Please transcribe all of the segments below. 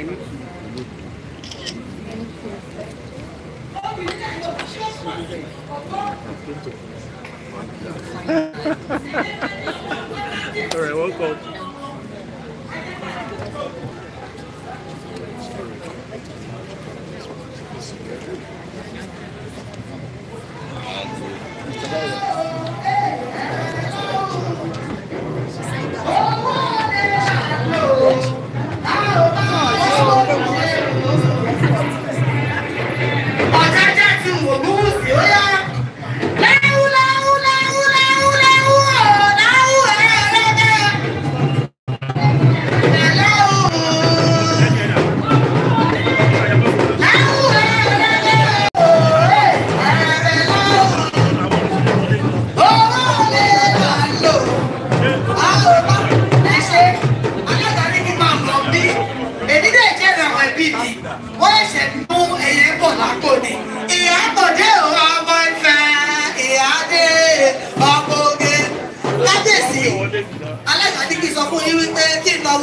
All right, we'll go. Thank you.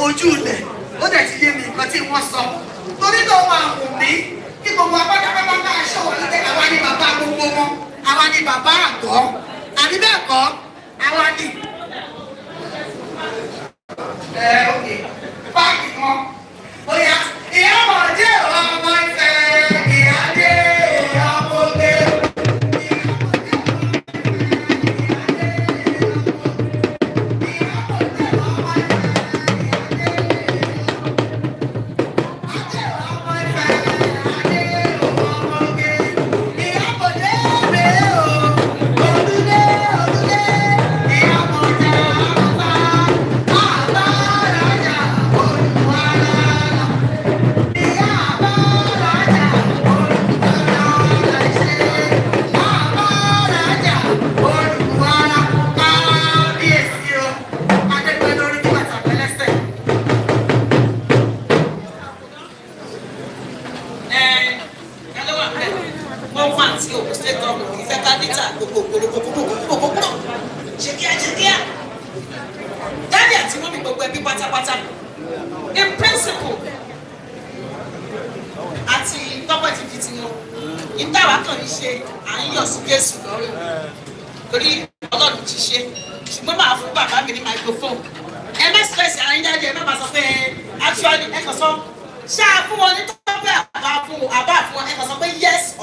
ojú ilẹ̀ ó dẹ̀ ti yé mi nǹkan tí wọ́n sọ torí náà wà wù mí kí gbogbo apátápátá náà ṣòwò nígbà àwa ni bàbá gbogbo wọn àwa ni bàbá àgọ́ àbí bẹ́ẹ̀ kọ́ àwa ni. báàgì wọn ó yá ìyá ọmọ jẹ́ ọmọ ìfẹ́.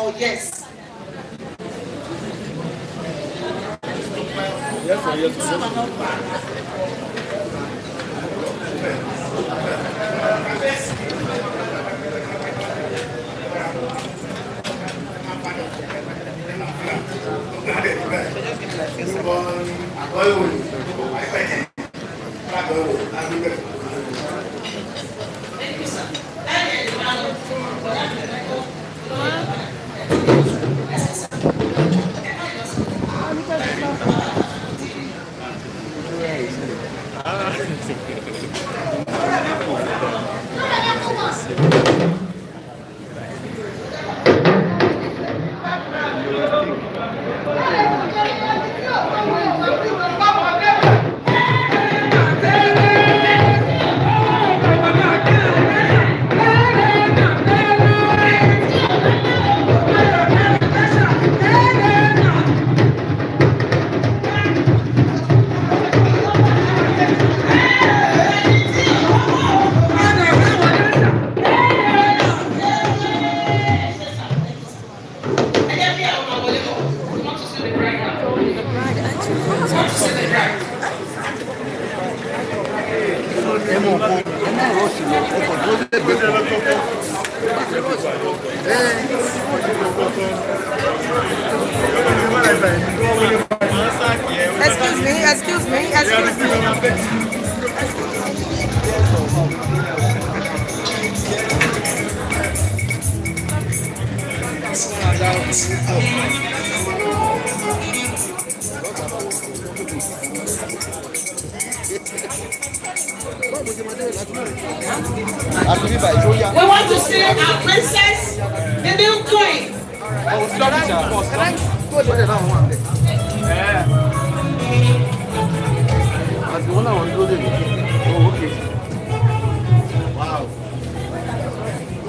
or oh, yes? Yes or yes? I'm going I'm going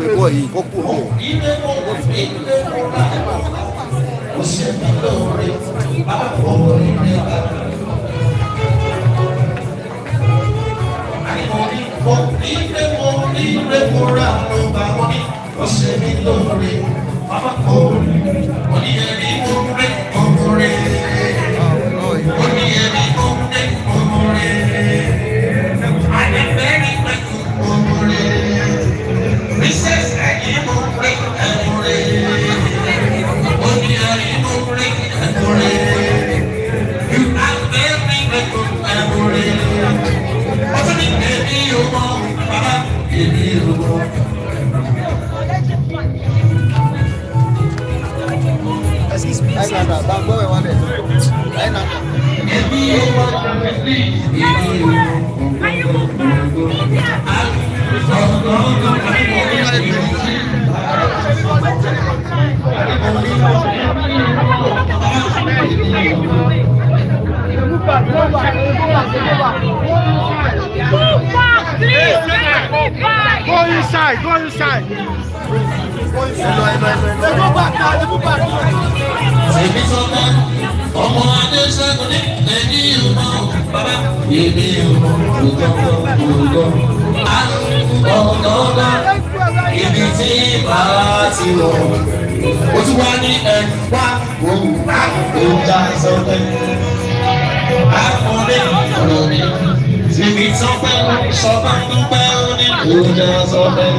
ìwọ yìí kó kú ọ. ilé mọ̀ Go inside, go inside. Ẹ̀mú bàtà, ẹ̀mú bàtà. Èmi sọ pé ọmọ Adéṣẹ́gun ní ẹni ìmọ̀ bàbá. Èmi ìmọ̀ ògọ́ ògọ́. Ọ̀nà ọ̀la ibi tí bàbá ti wọ̀. Ó sọ pé sọ bá dúpẹ́ ìjà sọ́fẹ́.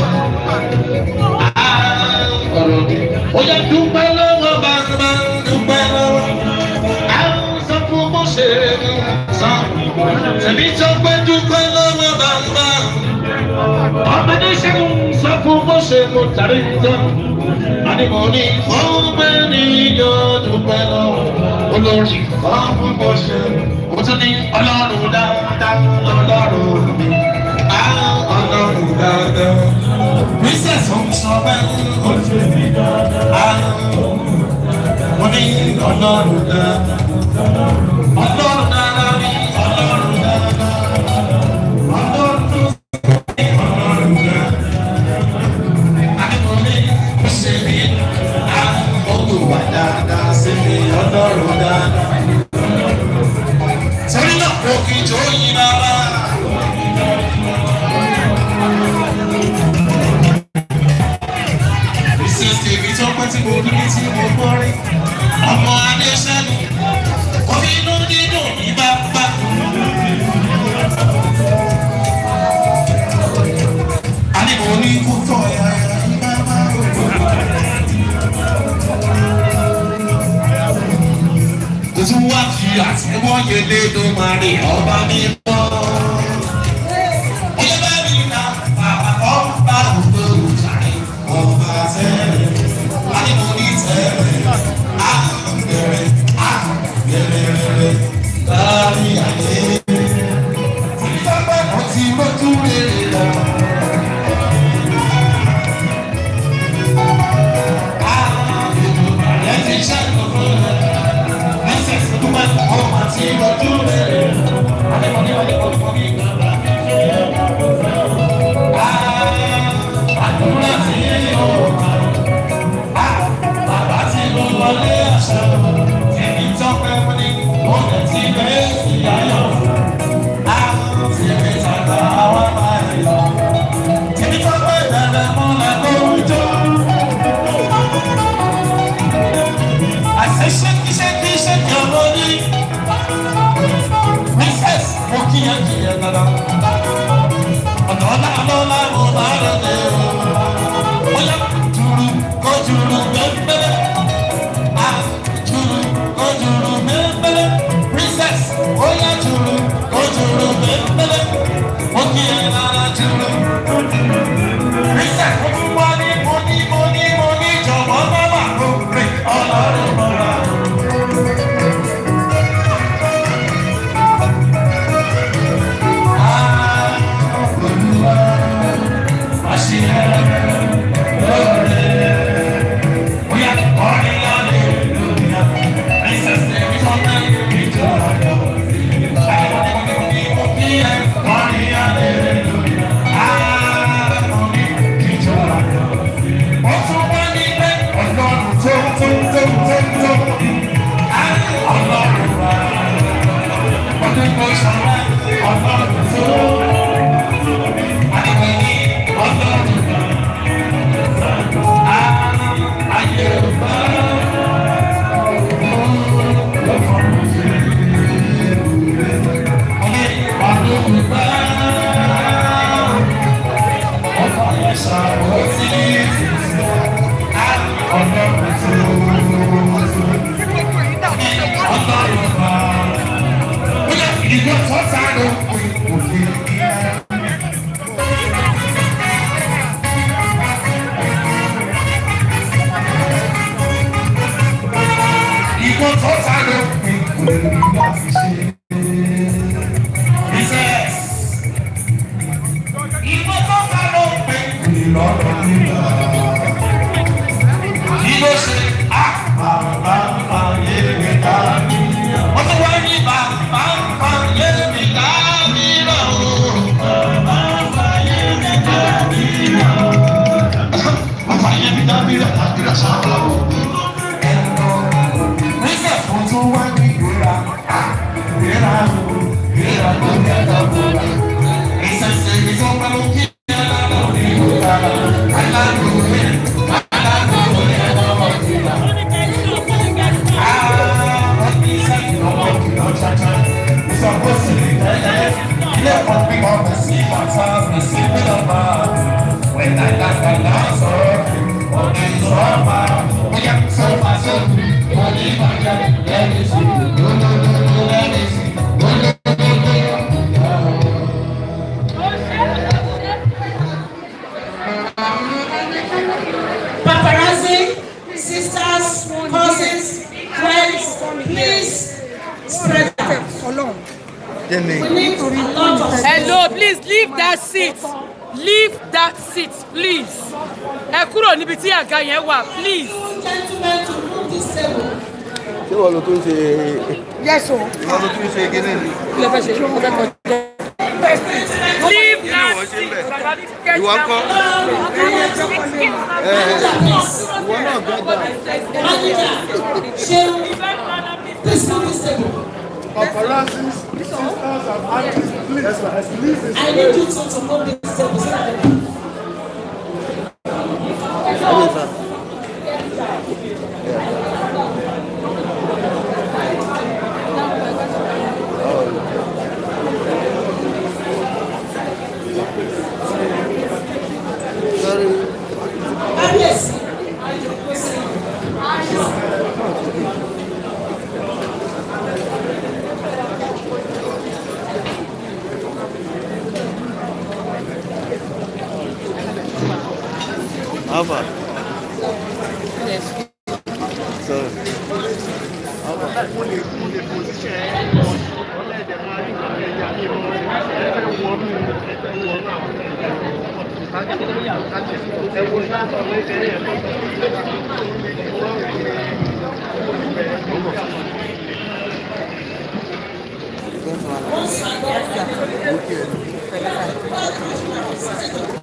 ó yẹ dúpẹ́ lọ́wọ́ bá ń bá dúpẹ́ lọ́wọ́. a ń sọ fún bó ṣe é mú sàn. tẹ̀mí sọ pé dúpẹ́ lọ́wọ́ bá ń bá. ọmọdé ṣe ń sọ fún bó ṣe mú tàbí tán. Adébọ̀ ni fọ́n bẹ́ẹ̀ ni dúpẹ́ lọ́wọ́. Olórí fọ́n fún bó ṣe mú. tún ní ọlọ́run dáadáa lọ́lọ́run mi ọlọ́run dáadáa. Princess ń sọ bẹ́ẹ̀ ó ṣe mí dáadáa. Mo ní ọlọ́run dáadáa. pẹ́ tí mo dúró tí mo gbọ́ rí ọmọ adéṣẹ́nu omi inú dídùn ní fi àtẹ̀wọ́ yẹlé ló máa rí ọba mi. ọlọ́lọ́lá mo bá rẹ̀ lé o. ó yẹ It's ẹ kúrò níbi tí àga yẹn wà please. ṣé wọn ló tún ṣe. yẹ́sọ̀. wọn ló tún ṣe gíní ni. ilé fẹ́ ṣe ṣé wọn fẹ́ kọjá. leave now. ìwọ ń kọ́. ìwọ náà gbọ́dọ̀. ṣé this no be stable. Paparazzi, sisters and aunties, please, please. I need you to to come this table so that I can. 还有啥？kò síṣẹ́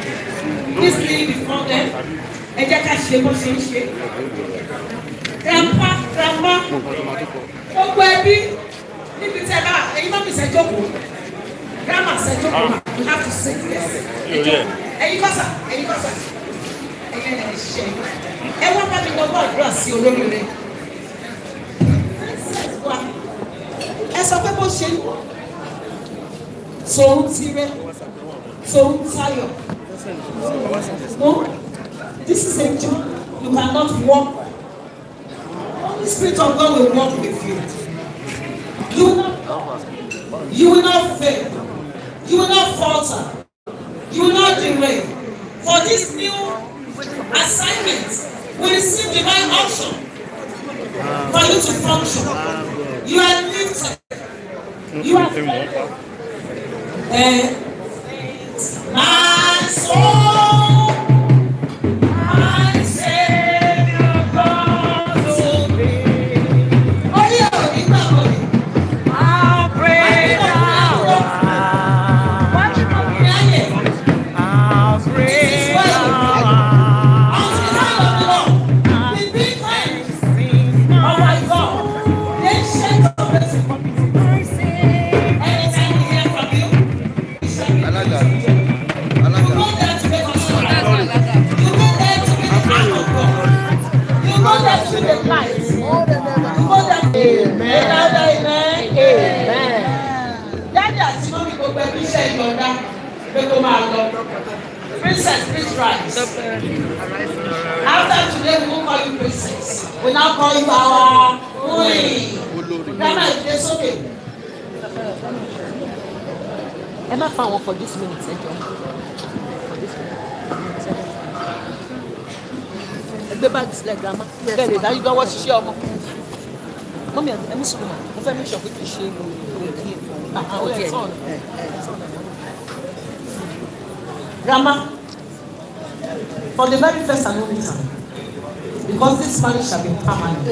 This is before them. Ẹ jẹ́ ká ṣe bó ṣe ń ṣe. Grandpa, grandma, gbogbo ẹbí níbi tẹ́ bá ẹ̀yin bá mi ṣẹ́jọ́kùn. Grandma ṣẹ́jọ́kùn ma, you have to say yes. Ẹ̀yin kọ́sà, ẹ̀yin kọ́sà, ẹ̀yin ẹ̀ ṣe. Ẹ wá bá mi gbogbo àdúrà sí olórí rẹ̀. Ẹ sọ pé bó ṣe ń tòun tirẹ̀, tòun tayọ̀. No, this is a job. You cannot walk. Only Spirit of God will walk with you. You will not, you will not fail. You will not falter. You will not derail. For this new assignment, we receive divine option for you to function. You are lifted. You are. Uh, in his More than ever. Amen. Amen. Amen. Dájú àti mọ́mí gbogbo ẹbí iṣẹ́ ìyọ̀ǹda pé kó Princess, please rise. After today, we will call you princess. We now call you our queen. Dáná ìdílé sókè. Ẹ má fa àwọn for this minute, ẹ jọ. gbé báàgì sílẹ̀ girama bẹ́ẹ̀ lè dájú lọ́wọ́ ṣiṣẹ́ ọmọ mọ́mí ẹ̀mí sùn mọ́ mo fẹ́ mi sọ pé kì í ṣe òkè ah, eh, eh. girama for the very first and only time because this marriage shall be permanent.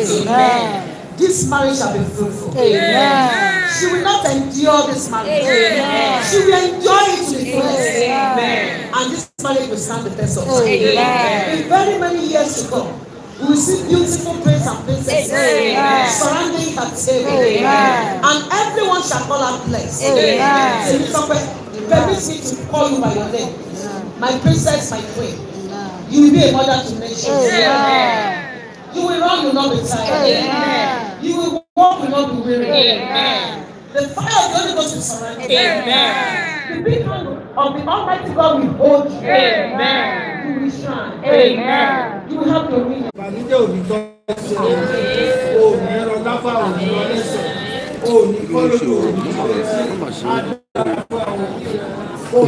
This marriage shall be fruitful. Amen. She will not endure this marriage. Amen. She will enjoy it to the fullest. And this solid will stand the test of time. In very many years to come, we will see beautiful prince and princesses Amen. surrounding her table. Amen. And everyone shall call her blessed. Amen. So, permit me to call you by your name. My princess, my queen. You will be a mother to nations. Amen. You will run, you will not be tired. Amen. You will walk, you will not be weary. Amen. The fire of the Holy Ghost will surround you. Amen. The big hand Of the Almighty God we hold you. Amen. You will shine. Amen. You will have dominion. Ìbànújẹ́ òní tọ́ ẹsẹ̀ òní ẹ̀rọ láfà òní